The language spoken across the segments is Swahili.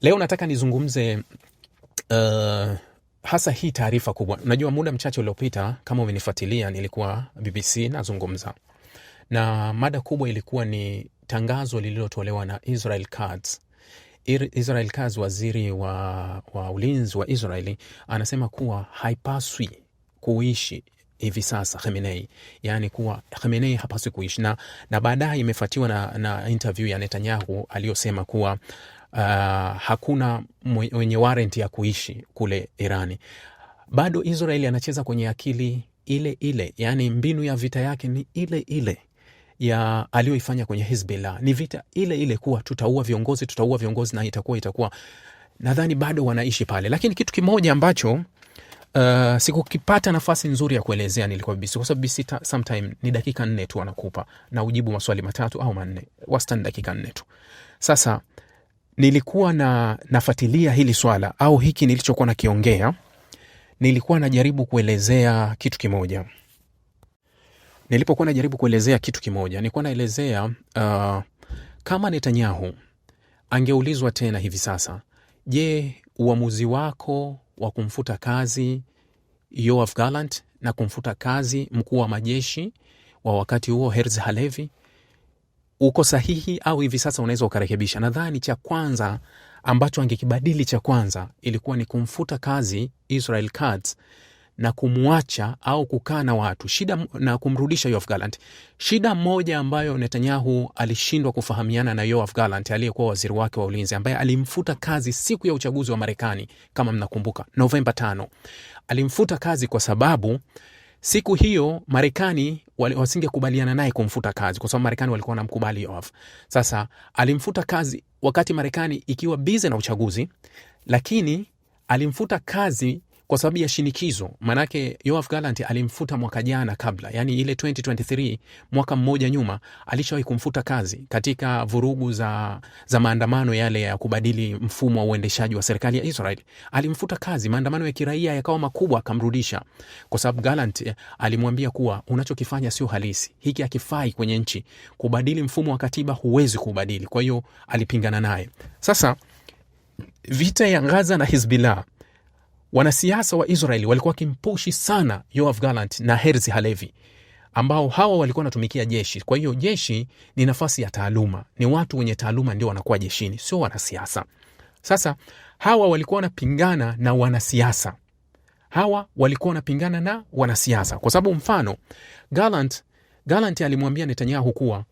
Leo nataka nizungumze uh, hasa hii taarifa kubwa. Najua muda mchache uliopita, kama umenifuatilia, nilikuwa BBC nazungumza na mada kubwa ilikuwa ni tangazo lililotolewa na Israel cards Israel cards waziri wa, wa ulinzi wa Israeli, anasema kuwa haipaswi kuishi hivi sasa hemenei yaani kuwa hemenei hapaswi kuishi na, na baadaye imefuatiwa na, na interview ya Netanyahu aliyosema kuwa uh, hakuna mwenye warrant ya kuishi kule Irani. Bado Israeli anacheza kwenye akili ile ile, yaani mbinu ya vita yake ni ile ile ya aliyoifanya kwenye Hizbullah. Ni vita ile ile kuwa tutaua viongozi, tutaua viongozi na itakuwa itakuwa. Nadhani bado wanaishi pale, lakini kitu kimoja ambacho Uh, sikukipata nafasi nzuri ya kuelezea nilikuwa BBC kwa sababu BBC sometime ni dakika nne tu anakupa na ujibu maswali matatu au manne, wastani dakika nne tu. Sasa uh, nilikuwa na nafuatilia hili swala au hiki nilichokuwa nakiongea, nilikuwa najaribu kuelezea kitu kimoja. Nilipokuwa najaribu kuelezea kitu kimoja, nilikuwa naelezea uh, kama Netanyahu angeulizwa tena hivi sasa, je, uamuzi wako wa kumfuta kazi yoaf galant na kumfuta kazi mkuu wa majeshi wa wakati huo Herz Halevi uko sahihi au hivi sasa unaweza ukarekebisha. Nadhani cha kwanza ambacho angekibadili cha kwanza ilikuwa ni kumfuta kazi Israel Katz na kumwacha au kukaa na watu shida na kumrudisha Yoav Gallant. Shida moja ambayo Netanyahu alishindwa kufahamiana na Yoav Gallant aliyekuwa waziri wake wa ulinzi, ambaye alimfuta kazi siku ya uchaguzi wa Marekani, kama mnakumbuka, Novemba 5 alimfuta kazi kwa sababu Siku hiyo Marekani wasingekubaliana naye kumfuta kazi, kwa sababu Marekani walikuwa wanamkubali Yoav. Sasa alimfuta kazi wakati Marekani ikiwa bize na uchaguzi, lakini alimfuta kazi kwa sababu ya shinikizo. Manake Yoav Gallant alimfuta mwaka jana kabla, yani ile 2023 mwaka mmoja nyuma, alishawahi kumfuta kazi katika vurugu za, za maandamano yale ya kubadili mfumo wa uendeshaji wa serikali ya Israel. Alimfuta kazi, maandamano ya kiraia yakawa makubwa, akamrudisha kwa sababu Gallant eh, alimwambia kuwa unachokifanya sio halisi, hiki hakifai kwenye nchi. Kubadili mfumo wa katiba huwezi kuubadili. Kwa hiyo alipingana naye. Sasa vita ya Gaza na Hizbillah Wanasiasa wa Israeli walikuwa wakimpushi sana Yoav Gallant na Herzi Halevi ambao hawa walikuwa wanatumikia jeshi. Kwa hiyo jeshi ni nafasi ya taaluma, ni watu wenye taaluma ndio wanakuwa jeshini, sio wanasiasa. Sasa hawa walikuwa wanapingana na wanasiasa, hawa walikuwa wanapingana na wanasiasa kwa sababu mfano Gallant, Gallant alimwambia Netanyahu kuwa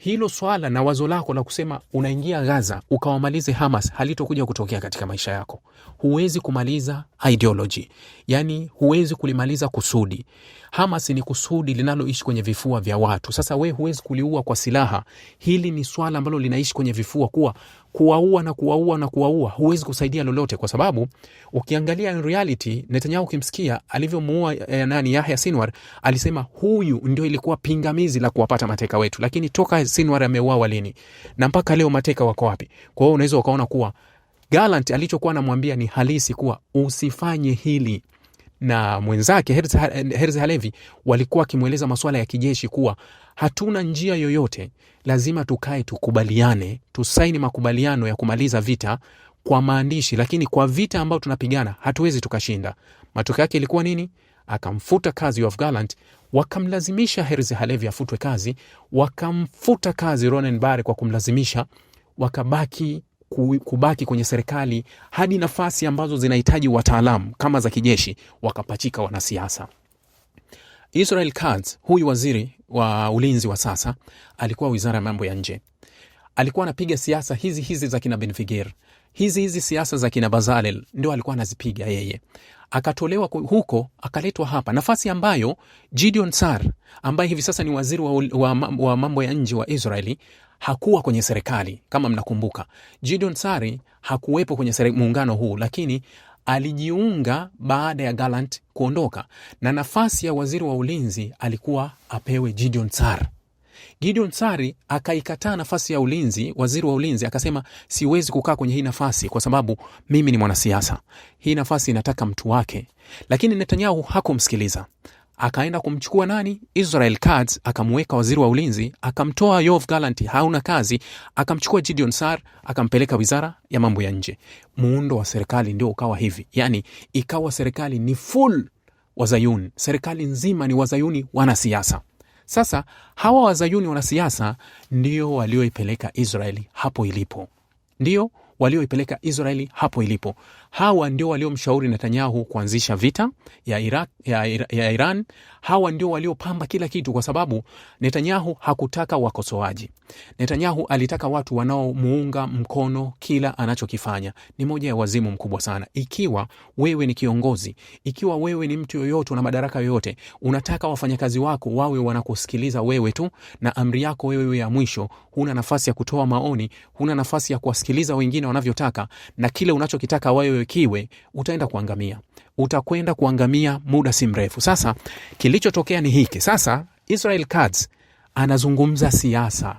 hilo swala na wazo lako la kusema unaingia Gaza ukawamalize Hamas halitokuja kutokea katika maisha yako. Huwezi kumaliza ideology, yani huwezi kulimaliza kusudi. Hamas ni kusudi linaloishi kwenye vifua vya watu. Sasa we huwezi kuliua kwa silaha. Hili ni swala ambalo linaishi kwenye vifua, kuwa kuwaua na kuwaua na kuwaua, huwezi kusaidia lolote, kwa sababu ukiangalia in reality, Netanyahu ukimsikia alivyomuua eh, nani Yahya Sinwar, alisema huyu ndio ilikuwa pingamizi la kuwapata mateka wetu, lakini toka Sinwar ameuawa lini na mpaka leo mateka wako wapi? Kwa hiyo unaweza ukaona kuwa Gallant alichokuwa anamwambia ni halisi, kuwa usifanye hili na mwenzake herz Halevi walikuwa wakimweleza masuala ya kijeshi kuwa hatuna njia yoyote, lazima tukae tukubaliane, tusaini makubaliano ya kumaliza vita kwa maandishi, lakini kwa vita ambayo tunapigana hatuwezi tukashinda. Matokeo yake ilikuwa nini? Akamfuta kazi of Gallant, wakamlazimisha Herz Halevi afutwe kazi, wakamfuta kazi Ronen Bar kwa kumlazimisha, wakabaki kubaki kwenye serikali hadi nafasi ambazo zinahitaji wataalamu kama za kijeshi, wakapachika wanasiasa. Israel Katz, huyu waziri wa ulinzi wa sasa, alikuwa wizara ya mambo ya nje, alikuwa anapiga siasa hizi hizi za kina benfiger hizi hizi siasa za kina Bazalel ndio alikuwa anazipiga yeye akatolewa huko akaletwa hapa, nafasi ambayo Gideon Sar ambaye hivi sasa ni waziri wa, wa, wa mambo ya nje wa Israeli hakuwa kwenye serikali. Kama mnakumbuka, Gideon Sari hakuwepo kwenye muungano huu, lakini alijiunga baada ya Gallant kuondoka, na nafasi ya waziri wa ulinzi alikuwa apewe Gideon Sar. Gideon Sari akaikataa nafasi ya ulinzi, waziri wa ulinzi akasema, siwezi kukaa kwenye hii nafasi kwa sababu mimi ni mwanasiasa, hii nafasi inataka mtu wake. Lakini Netanyahu hakumsikiliza, akaenda kumchukua nani, Israel Katz, akamweka waziri wa ulinzi, akamtoa Yoav Gallant, hauna kazi, akamchukua Gideon Sar, akampeleka wizara ya mambo ya nje. Muundo wa serikali ndio ukawa hivi, yani ikawa serikali ni full wazayuni, serikali nzima ni wazayuni wanasiasa. Sasa hawa wazayuni wanasiasa ndio walioipeleka Israeli hapo ilipo, ndio walioipeleka Israeli hapo ilipo. Hawa ndio waliomshauri Netanyahu kuanzisha vita ya, Iraq, ya, ya Iran. Hawa ndio waliopamba kila kitu, kwa sababu Netanyahu hakutaka wakosoaji. Netanyahu alitaka watu wanaomuunga mkono kila anachokifanya. Ni moja ya wazimu mkubwa sana. Ikiwa wewe ni kiongozi, ikiwa wewe ni mtu yoyote, una madaraka yoyote, unataka wafanyakazi wako wawe wanakusikiliza wewe tu, na amri yako wewe ya mwisho. Huna nafasi ya kutoa maoni, huna nafasi ya kuwasikiliza wengine wanavyotaka, na kile unachokitaka wewe wewe kiwe, utaenda kuangamia, utakwenda kuangamia muda si mrefu. Sasa kilichotokea ni hiki. Sasa Israel Katz anazungumza siasa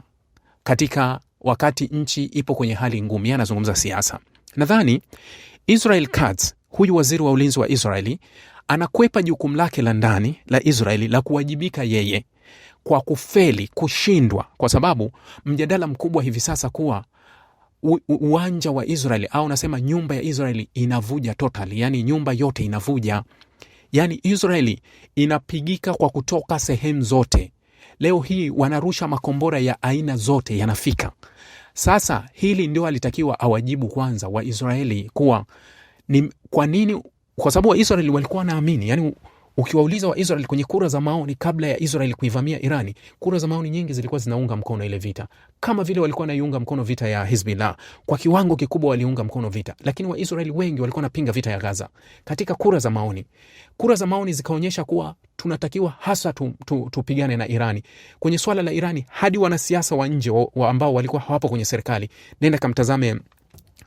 katika wakati nchi ipo kwenye hali ngumu, yeye anazungumza siasa. Nadhani Israel Katz huyu waziri wa ulinzi wa Israeli anakwepa jukumu lake la ndani la Israeli la kuwajibika yeye kwa kufeli kushindwa, kwa sababu mjadala mkubwa hivi sasa kuwa uwanja wa Israeli au nasema nyumba ya Israeli inavuja totally, yani nyumba yote inavuja. Yani Israeli inapigika kwa kutoka sehemu zote. Leo hii wanarusha makombora ya aina zote yanafika. Sasa hili ndio alitakiwa awajibu kwanza Waisraeli kuwa ni kwa nini, kwa sababu Waisraeli walikuwa wanaamini yani Ukiwauliza Waisrael kwenye kura za maoni kabla ya Israel kuivamia Irani, kura za maoni nyingi zilikuwa zinaunga mkono ile vita, kama vile walikuwa wanaiunga mkono vita ya Hizbullah. Kwa kiwango kikubwa waliunga mkono vita, lakini Waisrael wengi walikuwa wanapinga vita ya Gaza katika kura za maoni. Kura za maoni zikaonyesha kuwa tunatakiwa hasa tu, tu, tupigane na Irani kwenye swala la Irani. Hadi wanasiasa wa nje wa ambao walikuwa hawapo kwenye serikali, nenda kamtazame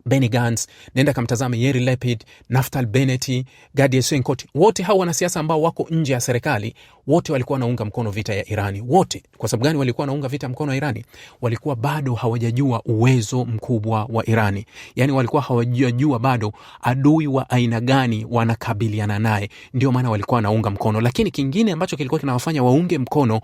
Benny Gantz, nenda kamtazame Yeri Lepid, Naftali Bennett, Gadi Eisenkot. Wote hao wanasiasa ambao wako nje ya serikali, wote walikuwa wanaunga mkono vita ya Irani, wote. Kwa sababu gani walikuwa wanaunga vita mkono Irani? Walikuwa bado hawajajua uwezo mkubwa wa Irani, yani walikuwa hawajajua bado adui wa aina gani wanakabiliana naye, ndio maana walikuwa wanaunga mkono. Lakini kingine ambacho kilikuwa kinawafanya waunge mkono,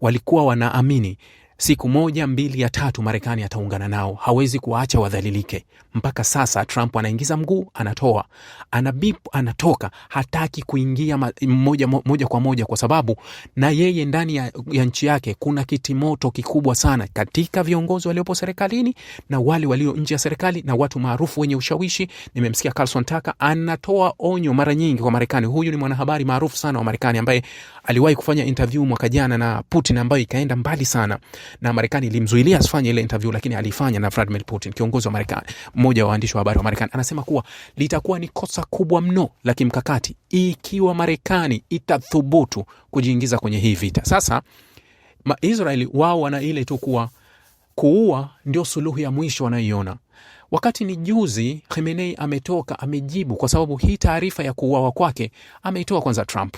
walikuwa wanaamini Siku moja mbili ya tatu Marekani ataungana nao, hawezi kuwaacha wadhalilike. Mpaka sasa Trump anaingiza mguu, anatoa, anabip, anatoka, hataki kuingia moja, moja kwa moja, kwa sababu na yeye ndani ya, ya nchi yake kuna kitimoto kikubwa sana katika viongozi waliopo serikalini na wale walio nje ya serikali na watu maarufu wenye ushawishi. Nimemsikia Carlson Tucker anatoa onyo mara nyingi kwa Marekani. Huyu ni mwanahabari maarufu sana wa Marekani ambaye aliwahi kufanya interview mwaka jana na Putin ambayo ikaenda mbali sana na Marekani ilimzuilia asifanye ile interview, lakini alifanya. Na Vladimir Putin, kiongozi wa Marekani, mmoja wa waandishi wa habari wa Marekani, anasema kuwa litakuwa ni kosa kubwa mno la kimkakati ikiwa Marekani itathubutu kujiingiza kwenye hii vita. Sasa Israeli wao wana ile tu kuwa kuua ndio suluhu ya mwisho wanayoiona wakati ni juzi Khamenei ametoka amejibu, kwa sababu hii taarifa ya kuuawa kwake ameitoa kwanza Trump.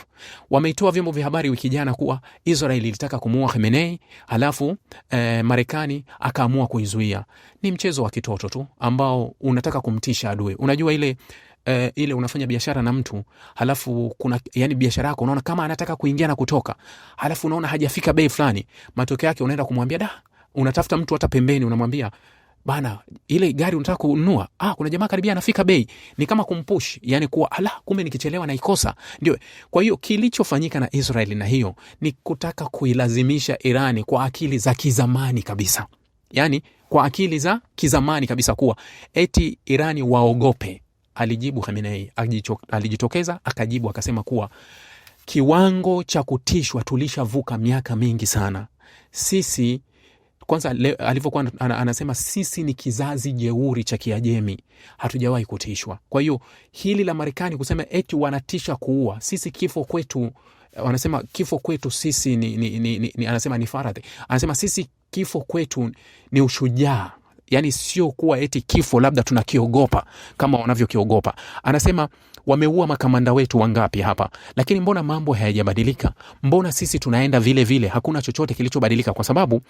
Wameitoa vyombo vya habari wiki jana kuwa Israel ilitaka kumuua Khamenei, halafu eh, Marekani akaamua kuizuia. Ni mchezo wa kitoto tu ambao unataka kumtisha adui. Unajua ile Uh, ile unafanya biashara na mtu halafu kuna yani biashara yako unaona kama anataka kuingia na kutoka, halafu unaona hajafika bei fulani, matokeo yake unaenda kumwambia da, unatafuta mtu hata pembeni, unamwambia bana, ile gari unataka kununua, ah, kuna jamaa karibia anafika bei, ni kama kumpush, yani kuwa ala, kumbe nikichelewa naikosa. Ndio kwa hiyo kilichofanyika na israel na hiyo ni kutaka kuilazimisha Irani kwa akili za kizamani kabisa, yani kwa akili za kizamani kabisa kuwa eti Irani waogope. Alijibu Khamenei, alijitokeza akajibu akasema kuwa kiwango cha kutishwa tulishavuka miaka mingi sana sisi kwanza alivyokuwa anasema sisi ni kizazi jeuri cha Kiajemi, hatujawahi kutishwa. Kwa hiyo hili la Marekani kusema eti wanatisha kuua sisi, kifo kwetu wanasema kifo kwetu sisi ni, ni, ni, ni, ni, anasema ni faradhi, anasema sisi kifo kwetu ni ushujaa, yani sio kuwa eti kifo labda tunakiogopa kama wanavyokiogopa. Anasema wameua makamanda wetu wangapi hapa, lakini mbona mambo hayajabadilika? Mbona sisi tunaenda vile vile, hakuna chochote kilichobadilika? Kwa sababu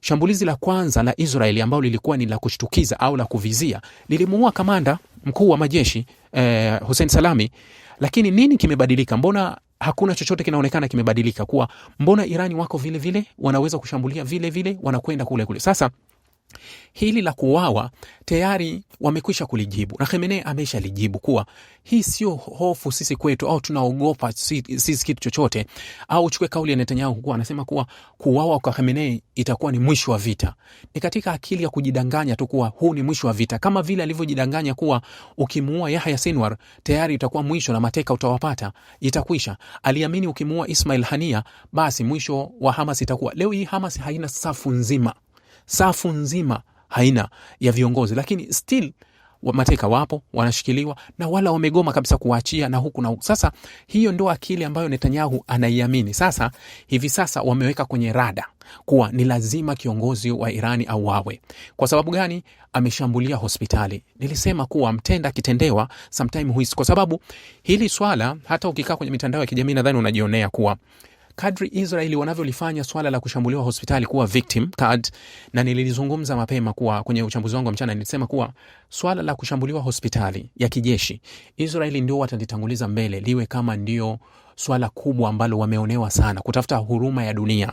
Shambulizi la kwanza la Israeli ambalo lilikuwa ni la kushtukiza au la kuvizia lilimuua kamanda mkuu wa majeshi eh, Hussein Salami. Lakini nini kimebadilika? Mbona hakuna chochote kinaonekana kimebadilika, kuwa mbona Irani wako vile vile, wanaweza kushambulia vile vile, wanakwenda kule kule. Sasa Hili la kuwawa tayari wamekwisha kulijibu na Khamenei amesha lijibu kuwa hii sio hofu sisi kwetu, au tunaogopa sisi kitu chochote, au uchukue kauli ya Netanyahu kuwa anasema kuwa kuwawa kwa Khamenei itakuwa ni mwisho wa vita. Ni katika akili ya kujidanganya tu kuwa huu ni mwisho wa vita, kama vile alivyojidanganya kuwa ukimuua Yahya Sinwar tayari itakuwa mwisho na mateka utawapata, itakwisha. Aliamini ukimuua Ismail Hania basi mwisho wa Hamas itakuwa leo hii. Hamas haina safu nzima safu nzima haina ya viongozi, lakini still mateka wapo wanashikiliwa na wala wamegoma kabisa kuwachia na huku na huku. Sasa hiyo ndo akili ambayo Netanyahu anaiamini. Sasa hivi sasa wameweka kwenye rada kuwa ni lazima kiongozi wa Irani auawe. Kwa sababu gani? Ameshambulia hospitali. Nilisema kuwa mtenda akitendewa sometime huisi, kwa sababu hili swala hata ukikaa kwenye mitandao ya kijamii nadhani unajionea kuwa kadri Israeli wanavyolifanya swala la kushambuliwa hospitali kuwa victim card, na nililizungumza mapema kuwa kwenye uchambuzi wangu wa mchana, nilisema kuwa swala la kushambuliwa hospitali ya kijeshi Israeli ndio watalitanguliza mbele, liwe kama ndio swala kubwa ambalo wameonewa sana, kutafuta huruma ya dunia.